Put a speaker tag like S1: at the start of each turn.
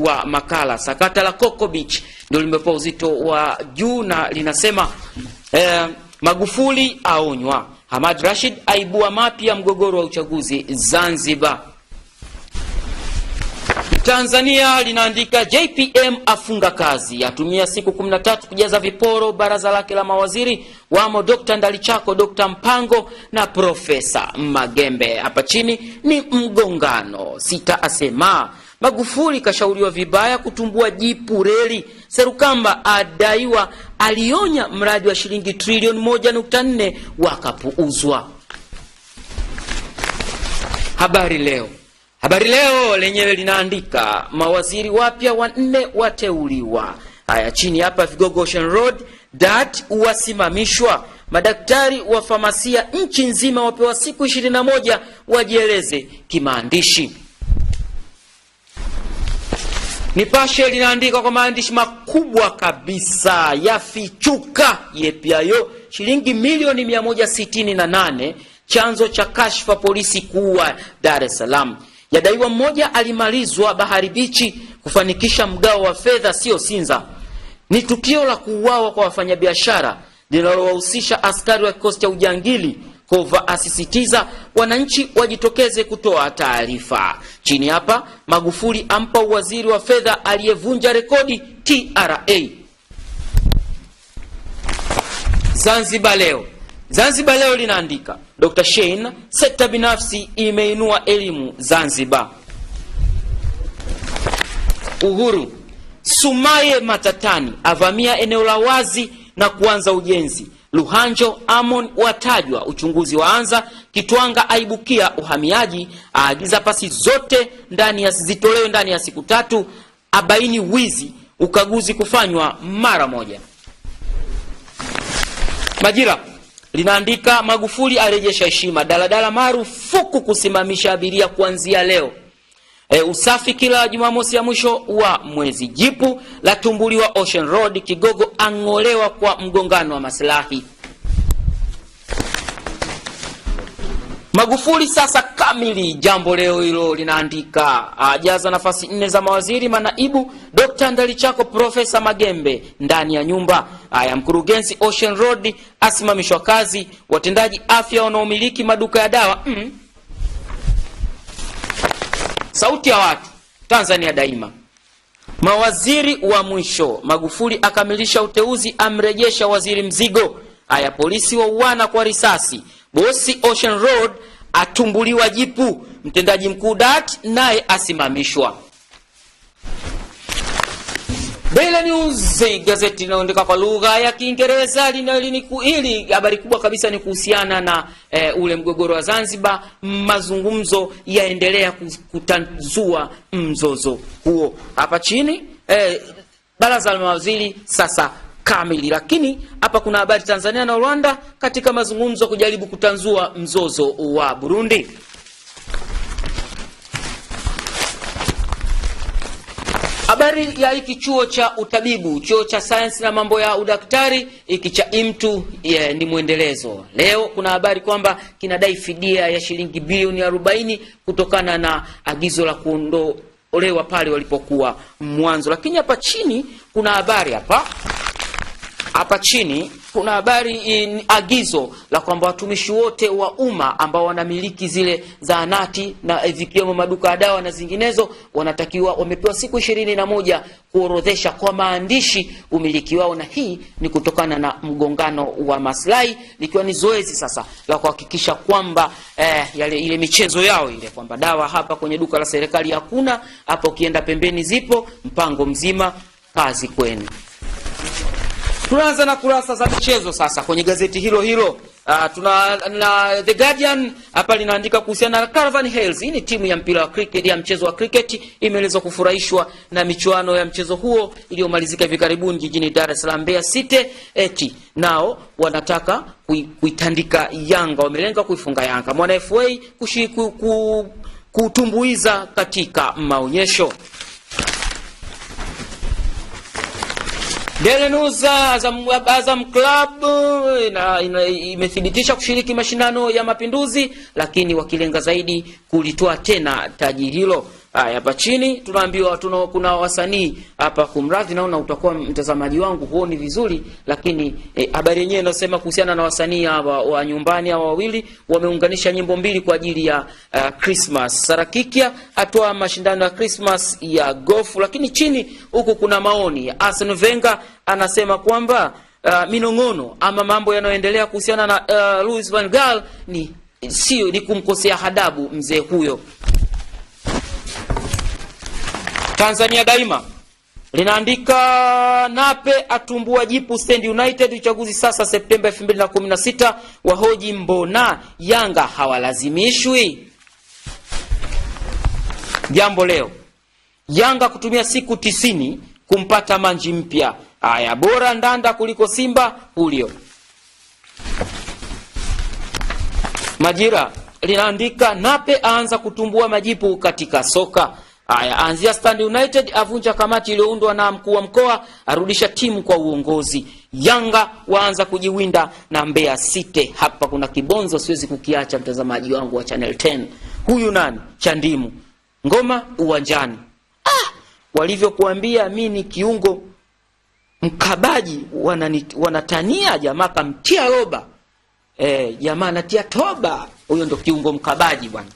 S1: wa makala sakata la Coco Beach ndio limepewa uzito wa juu na linasema eh, Magufuli aonywa. Hamad Rashid aibua mapya mgogoro wa uchaguzi Zanzibar. Tanzania linaandika JPM afunga kazi, atumia siku 13 kujaza viporo baraza lake la mawaziri, wamo Dr. Ndalichako, Dr. Mpango na Profesa Magembe. Hapa chini ni mgongano, sita asema Magufuli kashauriwa vibaya kutumbua jipu reli. Serukamba adaiwa alionya mradi wa shilingi trilioni 1.4 wakapuuzwa. Habari Leo. Habari Leo lenyewe linaandika mawaziri wapya wanne wateuliwa. Haya, chini hapa, vigogo Ocean Road wasimamishwa. Madaktari wa famasia nchi nzima wapewa siku 21 wajieleze kimaandishi. Nipashe linaandika kwa maandishi makubwa kabisa yafichuka yepyayo shilingi milioni 168 chanzo cha kashfa polisi kuu wa Dar es Salaam. Yadaiwa mmoja alimalizwa Bahari Bichi kufanikisha mgao wa fedha, sio Sinza. Ni tukio la kuuawa kwa wafanyabiashara linalowahusisha askari wa kikosi cha ujangili Kova asisitiza wananchi wajitokeze kutoa taarifa. Chini hapa, Magufuli ampa uwaziri wa fedha aliyevunja rekodi TRA. Zanzibar Leo. Zanzibar Leo linaandika Dr. Shein, sekta binafsi imeinua elimu Zanzibar. Uhuru, Sumaye matatani, avamia eneo la wazi na kuanza ujenzi Luhanjo Amon watajwa, uchunguzi waanza. Kitwanga aibukia uhamiaji, aagiza pasi zote ndani ya zitolewe ndani ya siku tatu, abaini wizi, ukaguzi kufanywa mara moja. Majira linaandika Magufuli arejesha heshima, daladala marufuku kusimamisha abiria kuanzia leo. E, usafi kila Jumamosi ya mwisho wa mwezi. Jipu la tumbuliwa Ocean Road, kigogo ang'olewa kwa mgongano wa maslahi. Magufuli sasa kamili, jambo leo hilo linaandika. Ajaza nafasi nne za mawaziri manaibu, Dr. Ndalichako, Profesa Magembe ndani ya nyumba aya Mkurugenzi Ocean Road asimamishwa kazi. Watendaji afya wanaomiliki maduka ya dawa mm. Sauti ya Watu, Tanzania Daima. Mawaziri wa mwisho, Magufuli akamilisha uteuzi, amrejesha waziri Mzigo. Haya, polisi wauana kwa risasi, bosi Ocean Road atumbuliwa jipu, mtendaji mkuu DART naye asimamishwa. Daily News, gazeti linaloandika kwa lugha ya Kiingereza ili habari kubwa kabisa ni kuhusiana na e, ule mgogoro wa Zanzibar. Mazungumzo yaendelea kutanzua mzozo huo. Hapa chini e, baraza la mawaziri sasa kamili, lakini hapa kuna habari Tanzania na Rwanda katika mazungumzo kujaribu kutanzua mzozo wa Burundi. Habari ya hiki chuo cha utabibu, chuo cha sayansi na mambo ya udaktari hiki cha IMTU yeah, ni mwendelezo. Leo kuna habari kwamba kinadai fidia ya shilingi bilioni arobaini kutokana na agizo la kuondolewa pale walipokuwa mwanzo, lakini hapa chini kuna habari hapa hapa chini kuna habari in, agizo la kwamba watumishi wote wa umma ambao wanamiliki zile zahanati na eh, vikiwemo maduka ya dawa na zinginezo, wanatakiwa wamepewa siku ishirini na moja kuorodhesha kwa maandishi umiliki wao, na hii ni kutokana na mgongano wa maslahi, likiwa ni zoezi sasa la kuhakikisha kwamba eh, yale, ile michezo yao ile kwamba dawa hapa kwenye duka la serikali hakuna hapa, ukienda pembeni zipo, mpango mzima. Kazi kwenu. Tunaanza na kurasa za michezo sasa kwenye gazeti hilo hilo. Uh, tuna na The Guardian hapa linaandika kuhusiana na Caravan Hills. Hii ni timu ya mpira wa cricket ya mchezo wa cricket imeelezwa kufurahishwa na michuano ya mchezo huo iliyomalizika hivi karibuni jijini Dar es Salaam Mbeya City. Eti nao wanataka kuitandika Yanga, wamelenga kuifunga Yanga. Mwana FA ku, kutumbuiza katika maonyesho. Delenews Azam, Azam Club na, imethibitisha kushiriki mashindano ya Mapinduzi, lakini wakilenga zaidi kulitoa tena taji hilo. Haya, hapa chini tunaambiwa tuna, kuna wasanii hapa. Kumradhi, naona utakuwa mtazamaji wangu huoni vizuri, lakini eh, habari eh, yenyewe inasema kuhusiana na wasanii hawa wa nyumbani hawa wawili wameunganisha nyimbo mbili kwa ajili ya uh, Christmas. Sarakikia atoa mashindano ya Christmas ya gofu, lakini chini huku kuna maoni. Arsene Wenger anasema kwamba uh, minong'ono ama mambo yanayoendelea kuhusiana na uh, Louis van Gaal ni sio ni kumkosea hadabu mzee huyo. Tanzania Daima linaandika Nape atumbua jipu Stand United, uchaguzi sasa Septemba 2016, wahoji mbona Yanga hawalazimishwi. Jambo Leo, Yanga kutumia siku tisini kumpata manji mpya. Aya, bora Ndanda kuliko Simba Hulio. Majira linaandika Nape aanza kutumbua majipu katika soka Aya, anzia Stand United avunja kamati iliyoundwa na mkuu wa mkoa, arudisha timu kwa uongozi. Yanga waanza kujiwinda na Mbeya City. Hapa kuna kibonzo siwezi kukiacha, mtazamaji wangu wa Channel 10. Huyu nani? Chandimu ngoma uwanjani. Ah, walivyokuambia mimi ni kiungo mkabaji, wanani, wanatania jamaa kamtia roba. Eh, jamaa anatia toba. Huyo ndo kiungo mkabaji bwana.